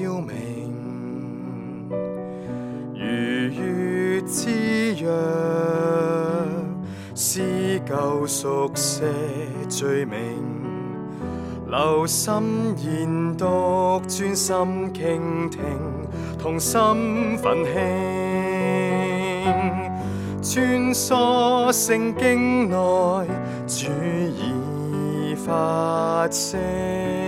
照明，如月之約，是舊贖些罪名，留心研讀，專心傾聽，同心奮興，穿梭聖經內，主已發聲。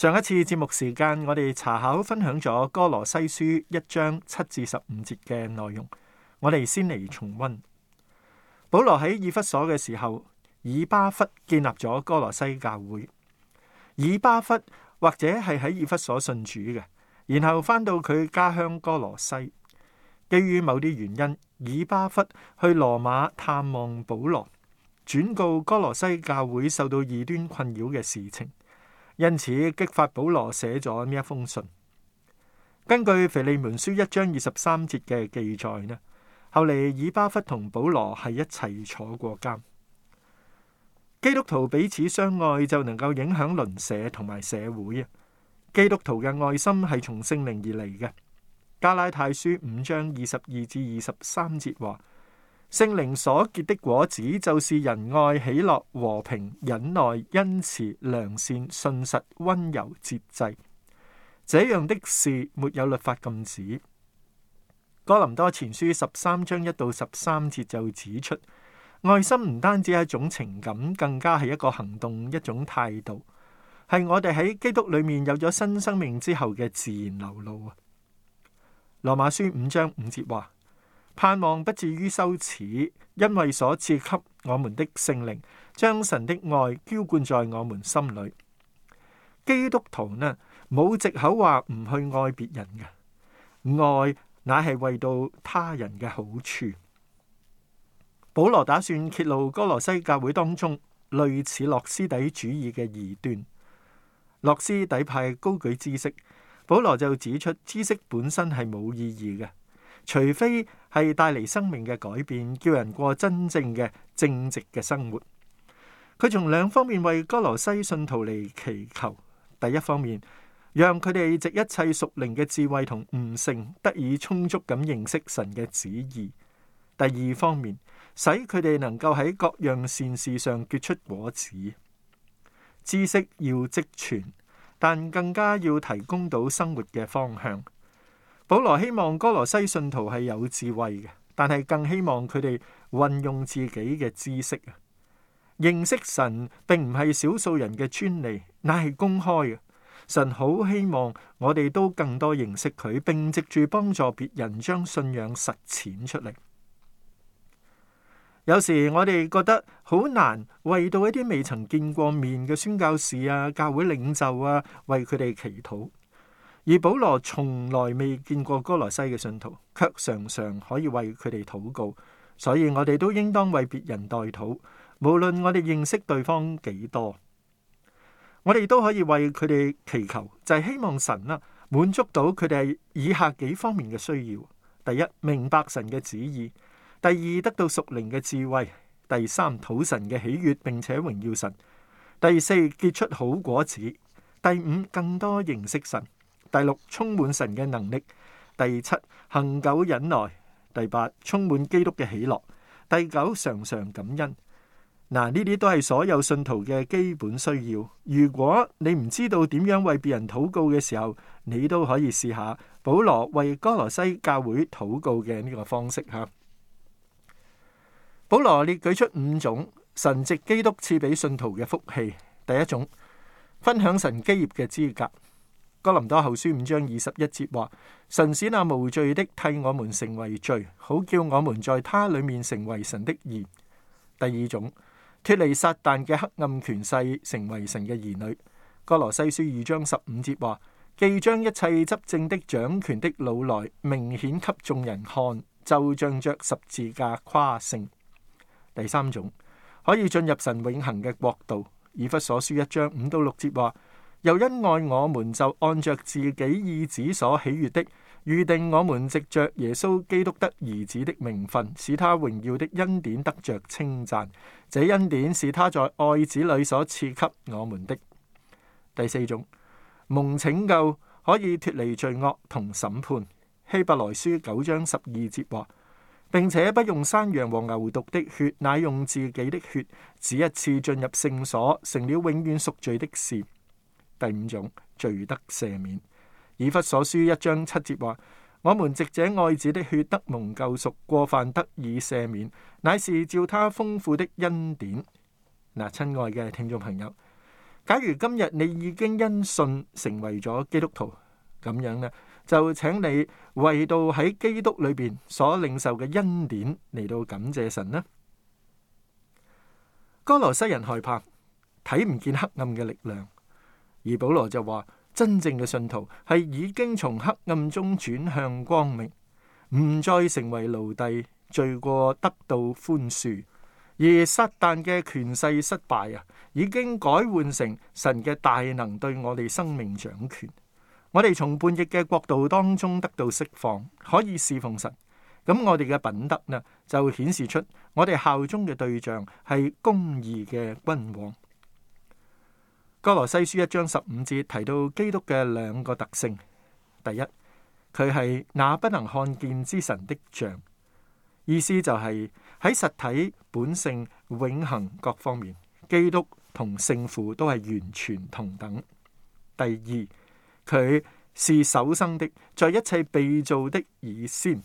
上一次節目時間，我哋查考分享咗《哥羅西書》一章七至十五節嘅內容。我哋先嚟重溫。保羅喺以弗所嘅時候，以巴弗建立咗哥羅西教會。以巴弗或者係喺以弗所信主嘅，然後返到佢家鄉哥羅西。基於某啲原因，以巴弗去羅馬探望保羅，轉告哥羅西教會受到異端困擾嘅事情。因此，激發保羅寫咗呢一封信。根據腓利門書一章二十三節嘅記載呢，後嚟以巴弗同保羅係一齊坐過監。基督徒彼此相愛就能夠影響鄰舍同埋社會啊！基督徒嘅愛心係從聖靈而嚟嘅。加拉太書五章二十二至二十三節話。聖靈所結的果子，就是仁愛、喜樂、和平、忍耐、恩慈、良善、信實、溫柔、節制。這樣的事沒有律法禁止。哥林多前書十三章一到十三節就指出，愛心唔單止係一種情感，更加係一個行動，一種態度，係我哋喺基督裏面有咗新生命之後嘅自然流露啊。羅馬書五章五節話。盼望不至於羞恥，因為所賜給我們的聖靈將神的愛澆灌在我們心裏。基督徒呢，冇借口話唔去愛別人嘅愛，乃係為到他人嘅好處。保羅打算揭露哥羅西教會當中類似諾斯底主義嘅異端。諾斯底派高舉知識，保羅就指出知識本身係冇意義嘅，除非。係帶嚟生命嘅改變，叫人過真正嘅正直嘅生活。佢從兩方面為歌羅西信徒嚟祈求：第一方面，讓佢哋藉一切屬靈嘅智慧同悟性，得以充足咁認識神嘅旨意；第二方面，使佢哋能夠喺各樣善事上結出果子。知識要積存，但更加要提供到生活嘅方向。保羅希望哥羅西信徒係有智慧嘅，但係更希望佢哋運用自己嘅知識啊！認識神並唔係少數人嘅專利，乃係公開嘅。神好希望我哋都更多認識佢，並藉住幫助別人，將信仰實踐出嚟。有時我哋覺得好難為到一啲未曾見過面嘅宣教士啊、教會領袖啊，為佢哋祈禱。而保羅從來未見過哥羅西嘅信徒，卻常常可以為佢哋禱告，所以我哋都應當為別人代禱，無論我哋認識對方幾多，我哋都可以為佢哋祈求，就係希望神啊滿足到佢哋以下幾方面嘅需要：第一，明白神嘅旨意；第二，得到屬靈嘅智慧；第三，討神嘅喜悅，並且榮耀神；第四，結出好果子；第五，更多認識神。第六，充滿神嘅能力，第七，恒久忍耐，第八，充滿基督嘅喜樂，第九，常常感恩。嗱，呢啲都係所有信徒嘅基本需要。如果你唔知道點樣為別人禱告嘅時候，你都可以試下保羅為歌羅西教會禱告嘅呢個方式哈。保羅列舉出五種神藉基督賜俾信徒嘅福氣，第一種，分享神基業嘅資格。哥林多後書五章二十一節話：神使那無罪的替我們成為罪，好叫我們在他裏面成為神的義。第二種，脫離撒旦嘅黑暗權勢，成為神嘅兒女。歌羅西書二章十五節話：既將一切執政的、掌權的、老來明顯給眾人看，就仗着十字架誇勝。第三種，可以進入神永恒嘅國度。以弗所書一章五到六節話。又因愛我們，就按着自己意旨所喜悅的預定我們藉着耶穌基督得兒子的名分，使他榮耀的恩典得着稱讚。這恩典是他在愛子裏所賜給我們的。第四種，蒙拯救可以脫離罪惡同審判。希伯來書九章十二節話，並且不用山羊和牛犢的血，乃用自己的血，只一次進入聖所，成了永遠贖罪的事。第五種，罪得赦免，以弗所書一章七節話：我們藉這愛子的血得蒙救贖，過犯得以赦免，乃是照他豐富的恩典。嗱，親愛嘅聽眾朋友，假如今日你已經因信成爲咗基督徒，咁樣呢，就請你爲到喺基督裏邊所領受嘅恩典嚟到感謝神啦。哥羅西人害怕睇唔見黑暗嘅力量。而保羅就話：真正嘅信徒係已經從黑暗中轉向光明，唔再成為奴隸，罪過得到寬恕。而撒但嘅權勢失敗啊，已經改換成神嘅大能對我哋生命掌權。我哋從叛逆嘅國度當中得到釋放，可以侍奉神。咁我哋嘅品德呢，就顯示出我哋效忠嘅對象係公義嘅君王。哥羅西書一章十五節提到基督嘅兩個特性：第一，佢係那不能看見之神的像，意思就係喺實體、本性、永恒各方面，基督同聖父都係完全同等。第二，佢是首生的，在一切被造的以先，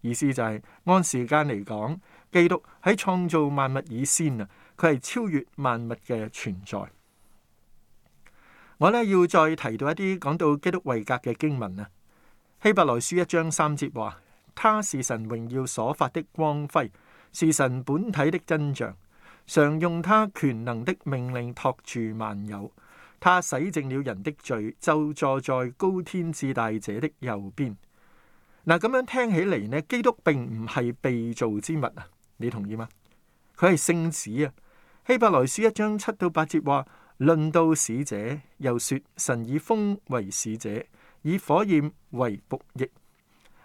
意思就係按時間嚟講，基督喺創造萬物以先啊，佢係超越萬物嘅存在。我咧要再提到一啲講到基督位格嘅經文啊，《希伯來書》一章三節話：他是神榮耀所發的光輝，是神本體的真像，常用他權能的命令托住萬有，他洗淨了人的罪，就坐在高天至大者的右邊。嗱，咁樣聽起嚟呢，基督並唔係被造之物啊，你同意嗎？佢係聖子啊，《希伯來書》一章七到八節話。論到使者，又說神以風為使者，以火焰為僕役。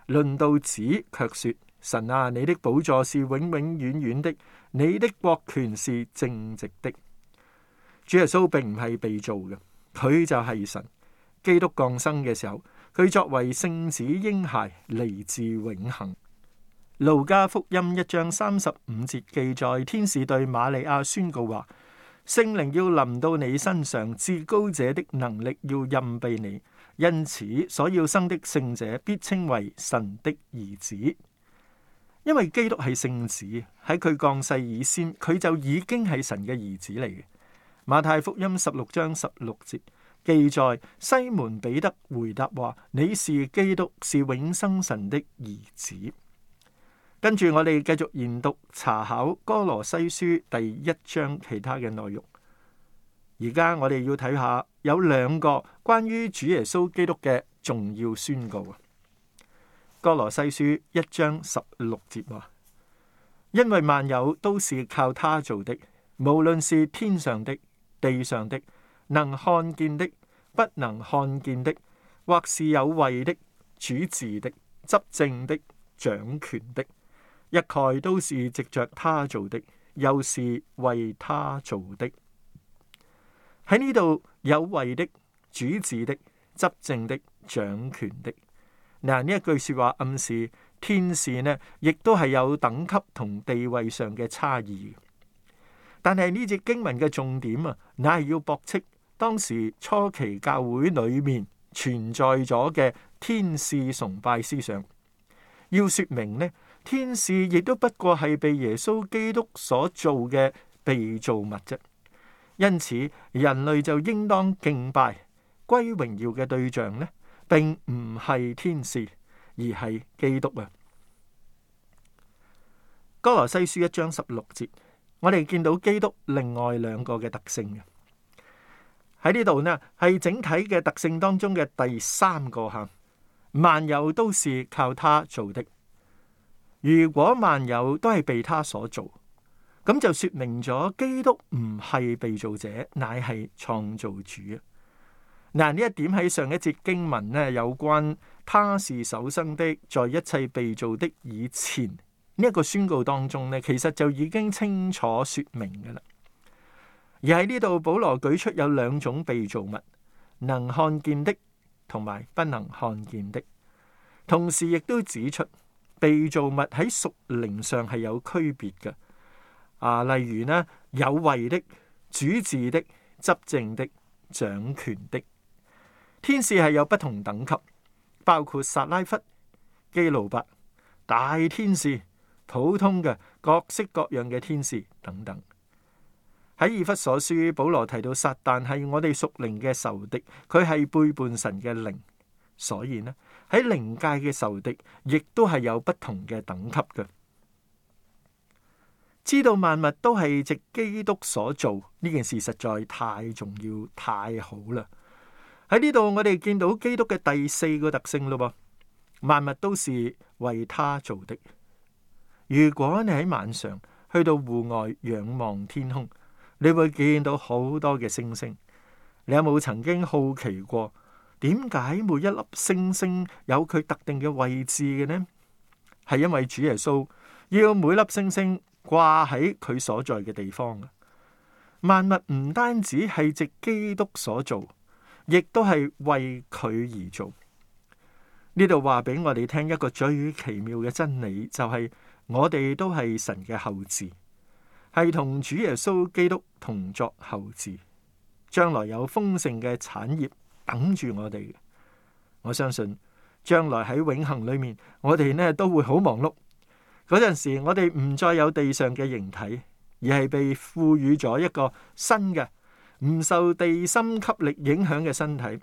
論到子，卻說神啊，你的寶座是永永遠遠的，你的國權是正直的。主耶穌並唔係被造嘅，佢就係神。基督降生嘅時候，佢作為聖子嬰孩嚟自永恒。路加福音一章三十五節記載，天使對瑪利亞宣告話。聖靈要臨到你身上，至高者的能力要蔭庇你，因此所要生的聖者必稱為神的兒子。因為基督係聖子，喺佢降世以先，佢就已經係神嘅兒子嚟嘅。馬太福音十六章十六節記載，西門彼得回答話：你是基督，是永生神的兒子。跟住我哋繼續研讀查考《歌羅西書》第一章其他嘅內容。而家我哋要睇下有兩個關於主耶穌基督嘅重要宣告啊，《歌羅西書》一章十六節話：因為萬有都是靠他造的，無論是天上的、地上的，能看見的、不能看見的，或是有位的、主治的、執政的、掌權的。一概都是藉着他做的，又是為他做的。喺呢度，有位的、主治的、執政的、掌權的。嗱，呢一句說話暗示天使呢，亦都係有等級同地位上嘅差異。但係呢節經文嘅重點啊，乃係要駁斥當時初期教會裏面存在咗嘅天使崇拜思想，要說明呢。天使亦都不過係被耶穌基督所做嘅被造物啫，因此人類就應當敬拜歸榮耀嘅對象呢，並唔係天使，而係基督啊。歌羅西書一章十六節，我哋見到基督另外兩個嘅特性嘅喺呢度呢，係整體嘅特性當中嘅第三個項，萬有都是靠他做的。如果萬有都係被他所做，咁就說明咗基督唔係被造者，乃係創造主啊！嗱，呢一點喺上一節經文呢有關他是首生的，在一切被造的以前呢一個宣告當中呢，其實就已經清楚說明噶啦。而喺呢度，保羅舉出有兩種被造物，能看見的同埋不能看見的，同時亦都指出。被造物喺屬靈上係有區別嘅，啊，例如呢，有位的、主治的、執政的、掌權的天使係有不同等級，包括撒拉弗、基路伯、大天使、普通嘅各式各樣嘅天使等等。喺以弗所書，保羅提到撒但係我哋屬靈嘅仇敵，佢係背叛神嘅靈，所以呢，喺靈界嘅仇敵，亦都係有不同嘅等級嘅。知道萬物都係藉基督所做，呢件事，實在太重要、太好啦！喺呢度，我哋見到基督嘅第四個特性咯噃。萬物都是為他做的。如果你喺晚上去到戶外仰望天空，你會見到好多嘅星星。你有冇曾經好奇過？點解每一粒星星有佢特定嘅位置嘅呢？係因為主耶穌要每粒星星掛喺佢所在嘅地方嘅。萬物唔單止係藉基督所做，亦都係為佢而做。呢度話俾我哋聽一個最奇妙嘅真理，就係、是、我哋都係神嘅後嗣，係同主耶穌基督同作後嗣。將來有豐盛嘅產業。等住我哋，我相信將來喺永恆裏面，我哋呢都會好忙碌。嗰陣時，我哋唔再有地上嘅形體，而係被賦予咗一個新嘅，唔受地心吸力影響嘅身體。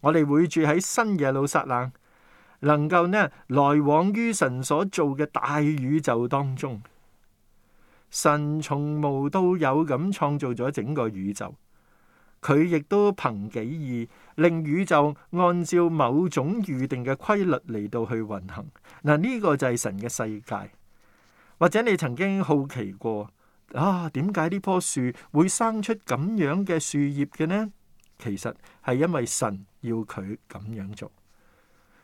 我哋會住喺新耶路撒冷，能夠呢來往於神所做嘅大宇宙當中。神從無到有咁創造咗整個宇宙。佢亦都憑己意令宇宙按照某種預定嘅規律嚟到去運行嗱，呢個就係神嘅世界。或者你曾經好奇過啊，點解呢棵樹會生出咁樣嘅樹葉嘅呢？其實係因為神要佢咁樣做。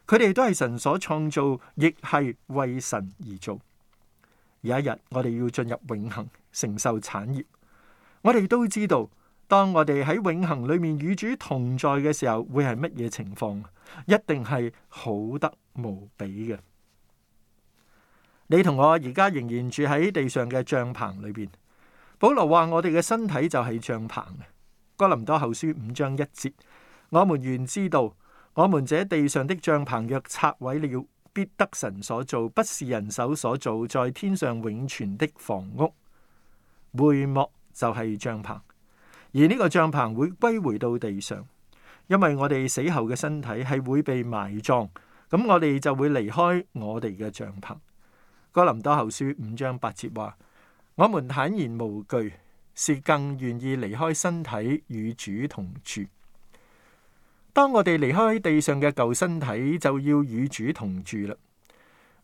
佢哋都係神所創造，亦係為神而做。有一日我哋要進入永恆承受產業，我哋都知道。當我哋喺永恒裏面與主同在嘅時候，會係乜嘢情況？一定係好得無比嘅。你同我而家仍然住喺地上嘅帳篷裏邊。保羅話：我哋嘅身體就係帳篷。哥林多後書五章一節，我們原知道，我們這地上的帳篷若拆毀了，必得神所造，不是人手所造，在天上永存的房屋。會幕就係帳篷。而呢個帳篷會歸回到地上，因為我哋死後嘅身體係會被埋葬，咁我哋就會離開我哋嘅帳篷。哥林多後書五章八節話：我們坦然無懼，是更願意離開身體與主同住。當我哋離開地上嘅舊身體，就要與主同住啦。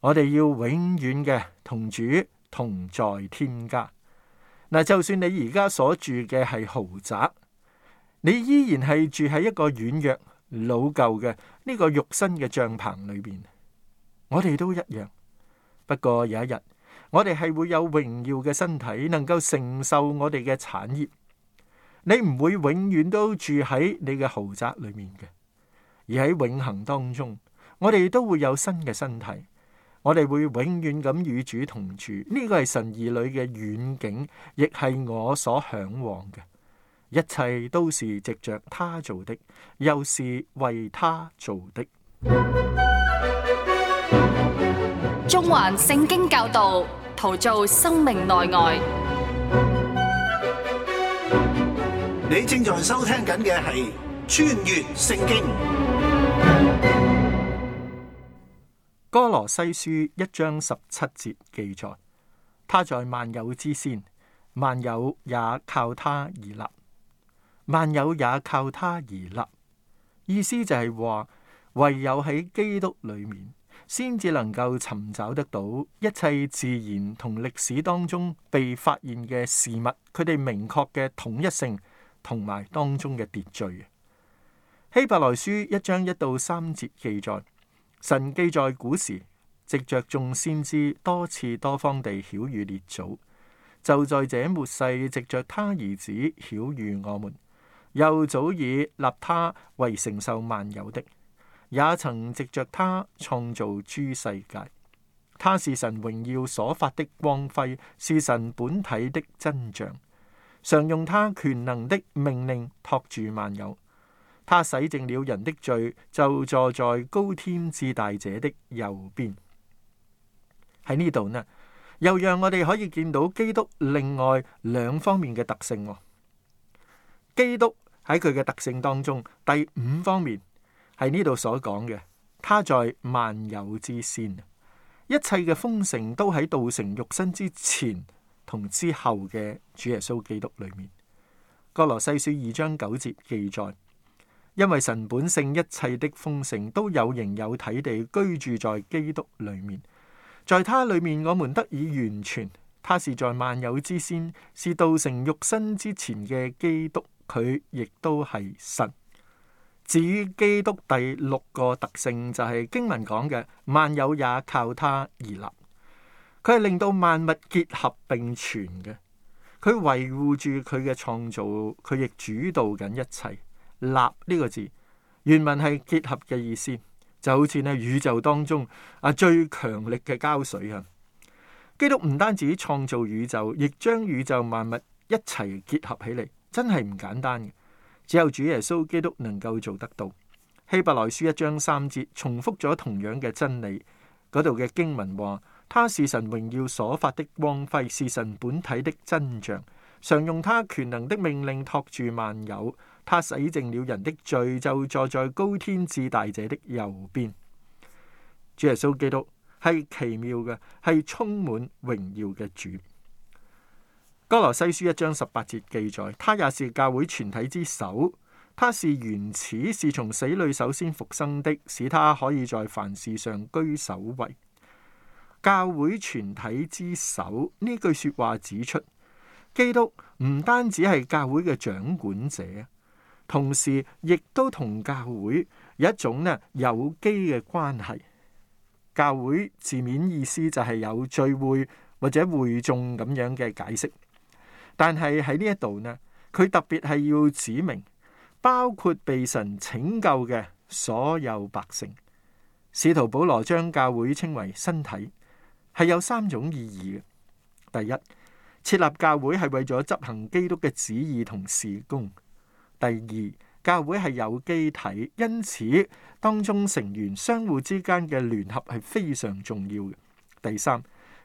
我哋要永遠嘅同主同在天家。但就算你而家所住嘅係豪宅，你依然係住喺一個軟弱、老舊嘅呢個肉身嘅帳篷裏邊。我哋都一樣，不過有一日，我哋係會有榮耀嘅身體，能夠承受我哋嘅產業。你唔會永遠都住喺你嘅豪宅裏面嘅，而喺永恆當中，我哋都會有新嘅身體。我哋會永遠咁與主同住，呢、這個係神兒女嘅遠景，亦係我所向往嘅。一切都是藉着他做的，又是為他做的。中環聖經教導，陶造生命內外。你正在收聽緊嘅係《穿越聖經》。歌羅西書一章十七節記載，他在萬有之先，萬有也靠他而立，萬有也靠他而立。意思就係話，唯有喺基督裏面，先至能夠尋找得到一切自然同歷史當中被發現嘅事物，佢哋明確嘅統一性同埋當中嘅秩序。希伯來書一章一到三節記載。神記在古時，藉着眾先知多次多方地曉諭列祖；就在這末世，藉着他兒子曉諭我們。又早已立他為承受萬有的，也曾藉着他創造諸世界。他是神榮耀所發的光輝，是神本體的真像，常用他權能的命令托住萬有。他洗淨了人的罪，就坐在高天至大者的右邊。喺呢度呢，又讓我哋可以見到基督另外兩方面嘅特性哦。基督喺佢嘅特性當中，第五方面係呢度所講嘅，他在萬有之先，一切嘅豐盛都喺道成肉身之前同之後嘅主耶穌基督裏面。歌羅西書二章九節記載。因為神本性一切的豐盛都有形有體地居住在基督裏面，在他裏面我們得以完全。他是在萬有之先，是道成肉身之前嘅基督，佢亦都係神。至於基督第六個特性就係經文講嘅萬有也靠他而立，佢係令到萬物結合並存嘅，佢維護住佢嘅創造，佢亦主導緊一切。立呢個字原文係結合嘅意思，就好似呢宇宙當中啊，最強力嘅膠水啊。基督唔單止創造宇宙，亦將宇宙萬物一齊結合起嚟，真係唔簡單嘅。只有主耶穌基督能夠做得到。希伯來書一章三節重複咗同樣嘅真理，嗰度嘅經文話：他是神榮耀所發的光輝，是神本體的真像，常用他權能的命令托住萬有。他洗淨了人的罪，就坐在高天至大者的右邊。主耶穌基督，係奇妙嘅，係充滿榮耀嘅主。哥羅西書一章十八節記載，他也是教會全體之首。他是原始，是從死裏首先復生的，使他可以在凡事上居首位。教會全體之首，呢句說話指出，基督唔單止係教會嘅掌管者。同時，亦都同教會有一種呢有機嘅關係。教會字面意思就係有聚會或者會眾咁樣嘅解釋，但係喺呢一度呢，佢特別係要指明，包括被神拯救嘅所有百姓。使徒保羅將教會稱為身體，係有三種意義嘅。第一，設立教會係為咗執行基督嘅旨意同事工。第二，教會係有機體，因此當中成員相互之間嘅聯合係非常重要嘅。第三，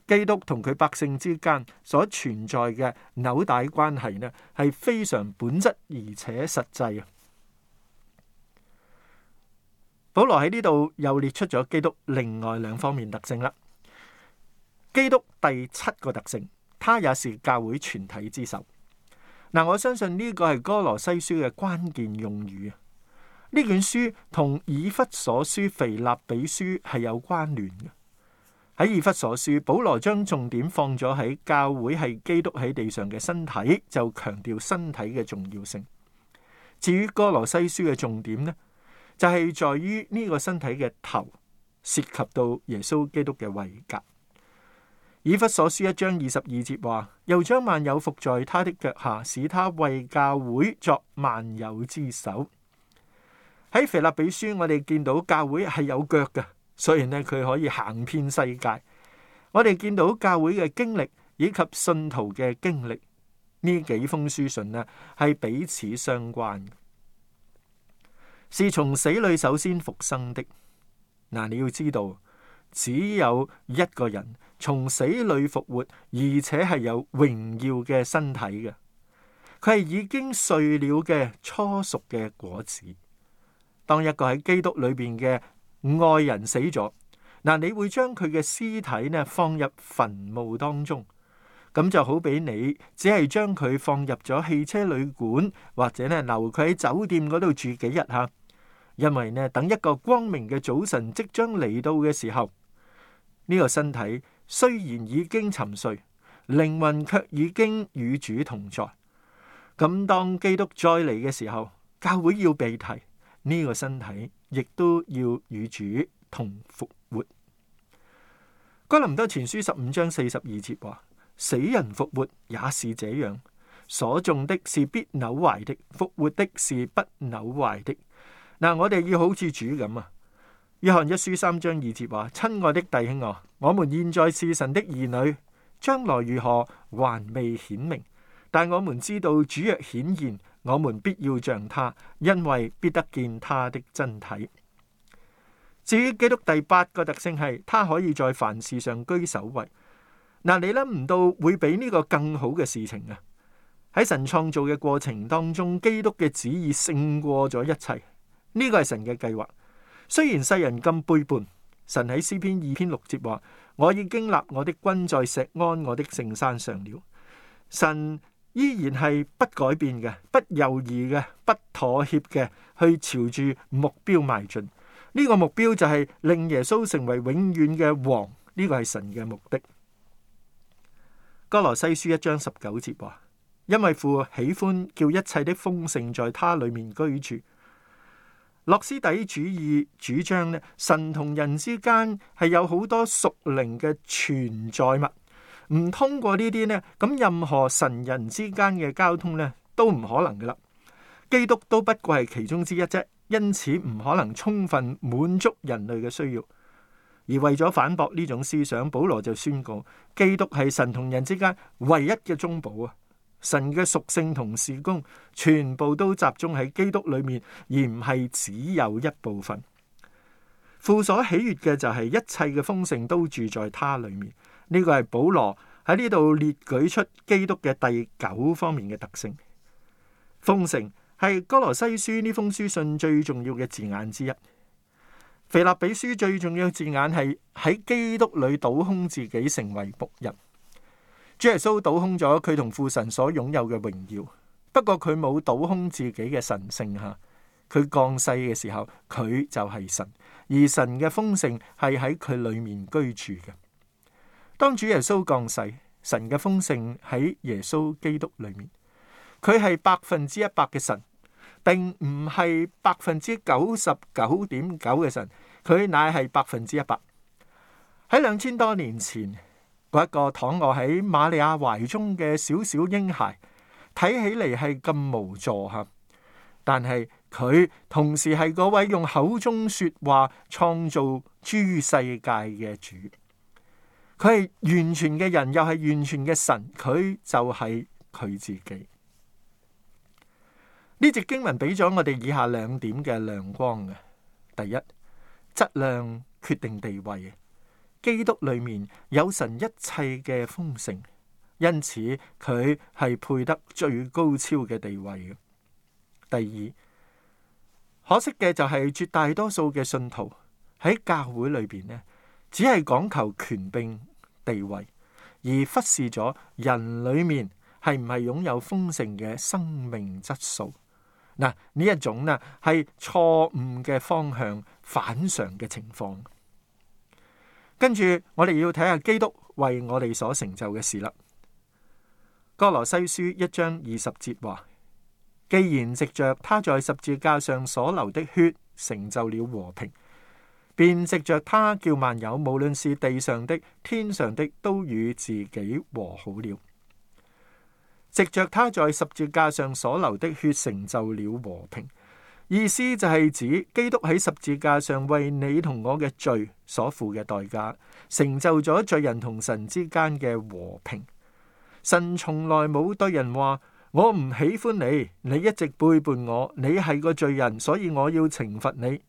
基督同佢百姓之間所存在嘅紐帶關係呢，係非常本質而且實際啊，保羅喺呢度又列出咗基督另外兩方面特性啦。基督第七個特性，他也是教會全體之首。嗱，我相信呢個係哥羅西書嘅關鍵用語啊！呢卷書同以弗所書、腓立比書係有關聯嘅。喺以弗所書，保羅將重點放咗喺教會係基督喺地上嘅身體，就強調身體嘅重要性。至於哥羅西書嘅重點呢，就係在於呢個身體嘅頭，涉及到耶穌基督嘅位格。以弗所書一章二十二節話，又將萬有服在他的腳下，使他為教會作萬有之首。喺腓立比書，我哋見到教會係有腳嘅，所以呢佢可以行遍世界。我哋見到教會嘅經歷以及信徒嘅經歷呢幾封書信呢，係彼此相關嘅。是從死裏首先復生的。嗱，啊，你要知道，只有一個人。從死裏復活，而且係有榮耀嘅身體嘅。佢係已經睡了嘅初熟嘅果子。當一個喺基督裏邊嘅愛人死咗，嗱，你會將佢嘅屍體呢放入墳墓當中，咁就好比你只係將佢放入咗汽車旅館，或者呢留佢喺酒店嗰度住幾日吓。因為呢，等一個光明嘅早晨即將嚟到嘅時候，呢、這個身體。雖然已經沉睡，靈魂却已經與主同在。咁當基督再嚟嘅時候，教會要被提，呢、這個身體亦都要與主同復活。哥林多前書十五章四十二節話：死人復活也是這樣，所種的是必朽壞的，復活的是不朽壞的。嗱，我哋要好似主咁啊！約翰一書三章二節話：親愛的弟兄啊，我們現在是神的兒女，將來如何還未顯明，但我們知道主若顯現，我們必要像他，因為必得見他的真體。至於基督第八個特性係，他可以在凡事上居首位。嗱，你諗唔到會比呢個更好嘅事情啊！喺神創造嘅過程當中，基督嘅旨意勝過咗一切，呢個係神嘅計劃。雖然世人咁背叛，神喺詩篇二篇六節話：我已經立我的君在錫安我的聖山上了。神依然係不改變嘅、不猶豫嘅、不妥協嘅，去朝住目標邁進。呢、這個目標就係令耶穌成為永遠嘅王。呢、這個係神嘅目的。哥羅西書一章十九節話：因為父喜歡叫一切的豐盛在他裏面居住。諾斯底主義主張咧，神同人之間係有好多屬靈嘅存在物，唔通過呢啲呢，咁任何神人之間嘅交通呢，都唔可能㗎喇。基督都不過係其中之一啫，因此唔可能充分滿足人類嘅需要。而為咗反駁呢種思想，保羅就宣告基督係神同人之間唯一嘅中保啊！神嘅屬性同事工全部都集中喺基督裏面，而唔係只有一部分。父所喜悅嘅就係、是、一切嘅豐盛都住在他裏面。呢、這個係保羅喺呢度列舉出基督嘅第九方面嘅特性。豐盛係歌羅西書呢封書信最重要嘅字眼之一。腓立比書最重要嘅字眼係喺基督裏倒空自己，成為僕人。主耶穌倒空咗佢同父神所擁有嘅榮耀，不過佢冇倒空自己嘅神聖吓。佢降世嘅時候，佢就係神，而神嘅豐盛係喺佢裏面居住嘅。當主耶穌降世，神嘅豐盛喺耶穌基督裏面，佢係百分之一百嘅神，並唔係百分之九十九點九嘅神，佢乃係百分之一百，喺兩千多年前。一個躺臥喺瑪利亞懷中嘅小小嬰孩，睇起嚟係咁無助吓，但係佢同時係嗰位用口中說話創造諸世界嘅主，佢係完全嘅人又係完全嘅神，佢就係佢自己。呢節經文俾咗我哋以下兩點嘅亮光嘅：第一，質量決定地位。基督裏面有神一切嘅豐盛，因此佢係配得最高超嘅地位嘅。第二，可惜嘅就係絕大多數嘅信徒喺教會裏邊呢，只係講求權柄地位，而忽視咗人裏面係唔係擁有豐盛嘅生命質素。嗱，呢一種呢係錯誤嘅方向，反常嘅情況。跟住，我哋要睇下基督為我哋所成就嘅事啦。哥羅西書一章二十節話：既然藉着他在十字架上所流的血成就了和平，便藉着祂叫萬有，無論是地上的、天上的，都與自己和好了。藉着他在十字架上所流的血成就了和平。意思就係指基督喺十字架上為你同我嘅罪所付嘅代價，成就咗罪人同神之間嘅和平。神從來冇對人話，我唔喜歡你，你一直背叛我，你係個罪人，所以我要懲罰你。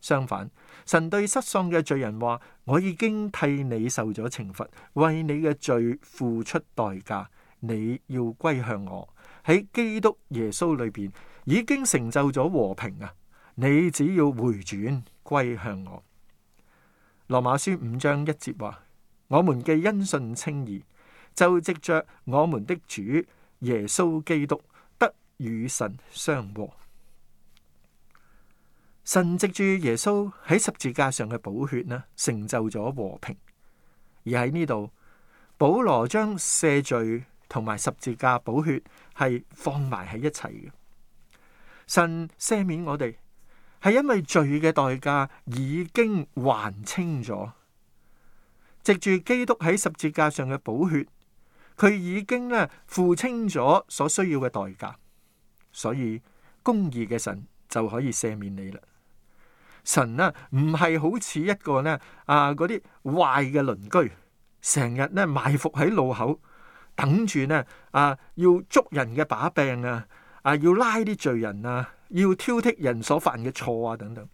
相反，神對失喪嘅罪人話：我已經替你受咗懲罰，為你嘅罪付出代價，你要歸向我喺基督耶穌裏邊。已經成就咗和平啊！你只要回轉歸向我。羅馬書五章一節話：我們嘅因信稱義就藉着我們的主耶穌基督得與神相和。神藉住耶穌喺十字架上嘅寶血呢，成就咗和平。而喺呢度，保羅將赦罪同埋十字架寶血係放埋喺一齊嘅。神赦免我哋，係因為罪嘅代價已經還清咗，藉住基督喺十字架上嘅寶血，佢已經咧付清咗所需要嘅代價，所以公義嘅神就可以赦免你啦。神啊，唔係好似一個呢啊嗰啲壞嘅鄰居，成日呢埋伏喺路口等住呢啊要捉人嘅把柄啊！啊！要拉啲罪人啊，要挑剔人所犯嘅錯啊，等等。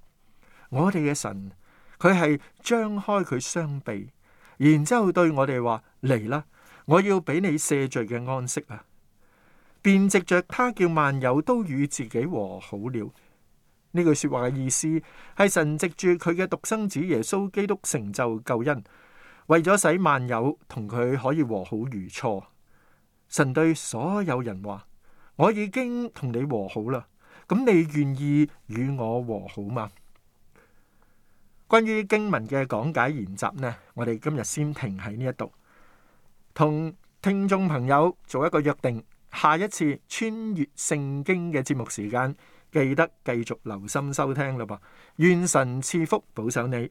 我哋嘅神佢係張開佢雙臂，然之後對我哋話，嚟啦，我要俾你赦罪嘅安息啊！便藉着他叫萬有都與自己和好了。呢句說話嘅意思係神藉住佢嘅獨生子耶穌基督成就救恩，為咗使萬有同佢可以和好如初。神對所有人話。我已經同你和好啦，咁你願意與我和好嗎？關於經文嘅講解研習呢，我哋今日先停喺呢一度，同聽眾朋友做一個約定，下一次穿越聖經嘅節目時間，記得繼續留心收聽啦噃，願神賜福保守你。